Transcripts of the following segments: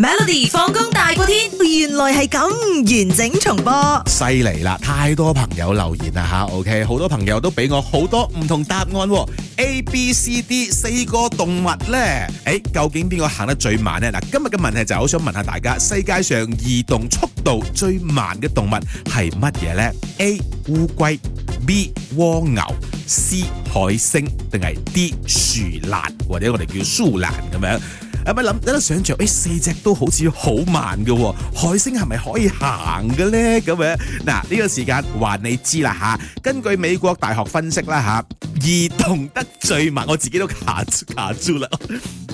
Melody 放工大過天，原來係咁完整重播，犀利啦！太多朋友留言啦吓，OK，好多朋友都俾我好多唔同答案，啊，A、B、C、D 四個動物呢，誒、欸，究竟邊個行得最慢呢？嗱，今日嘅問題就好想問下大家，世界上移動速度最慢嘅動物係乜嘢呢？A 烏龜，B 蝸牛，C 海星，定係 D 樹懶或者我哋叫樹懶咁樣？諗一諗，一想象，哎，四隻都好似好慢嘅喎，海星係咪可以行嘅咧？咁樣，嗱、這、呢個時間話你知啦吓。根據美國大學分析啦吓，移動得最慢，我自己都卡住卡住啦。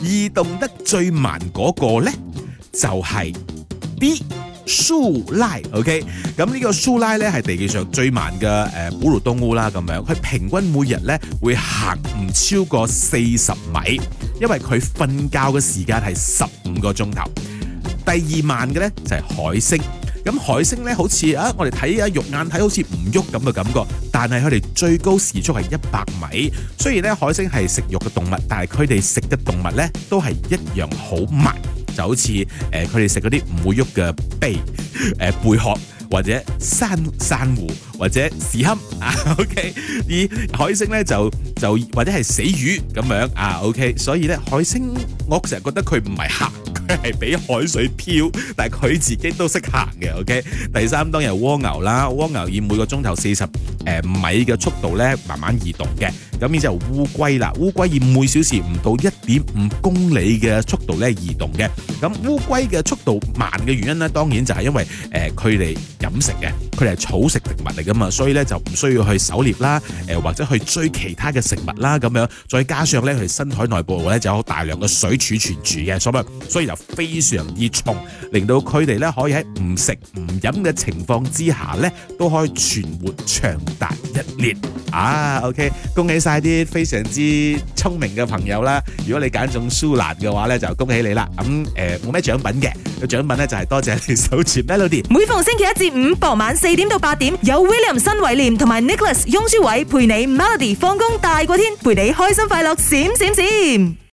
移動得最慢嗰個咧，就係 B 蘇拉。OK，咁呢個蘇拉咧係地球上最慢嘅誒哺乳動物啦。咁樣，佢平均每日咧會行唔超過四十米。因為佢瞓覺嘅時間係十五個鐘頭，第二慢嘅呢就係海星。咁海星呢，好似啊，我哋睇下肉眼睇好似唔喐咁嘅感覺，但係佢哋最高時速係一百米。雖然呢海星係食肉嘅動物，但係佢哋食嘅動物呢都係一樣好慢，就好似誒佢哋食嗰啲唔會喐嘅貝誒貝殼。呃或者珊珊瑚或者石堪啊，OK， 而海星咧就就或者係死魚咁樣啊，OK， 所以咧海星我成日覺得佢唔係蝦。係俾海水漂，但係佢自己都識行嘅。OK，第三當然係蝸牛啦。蝸牛以每個鐘頭四十誒米嘅速度咧，慢慢移動嘅。咁呢隻烏龜啦，烏龜以每小時唔到一點五公里嘅速度咧移動嘅。咁烏龜嘅速度慢嘅原因咧，當然就係因為誒佢哋飲食嘅，佢哋係草食植物嚟噶嘛，所以咧就唔需要去狩獵啦，誒或者去追其他嘅食物啦咁樣。再加上咧佢身體內部咧就有大量嘅水儲存住嘅，所以由非常易重，令到佢哋咧可以喺唔食唔飲嘅情況之下咧，都可以存活長達一年啊！OK，恭喜晒啲非常之聰明嘅朋友啦！如果你揀中樹懶嘅話咧，就恭喜你啦！咁誒冇咩獎品嘅，個獎品咧就係多謝你手持 Melody。每逢星期一至五傍晚四點到八點，有 William 新偉廉同埋 Nicholas 翁舒偉陪你 Melody 放工大過天，陪你開心快樂閃閃閃。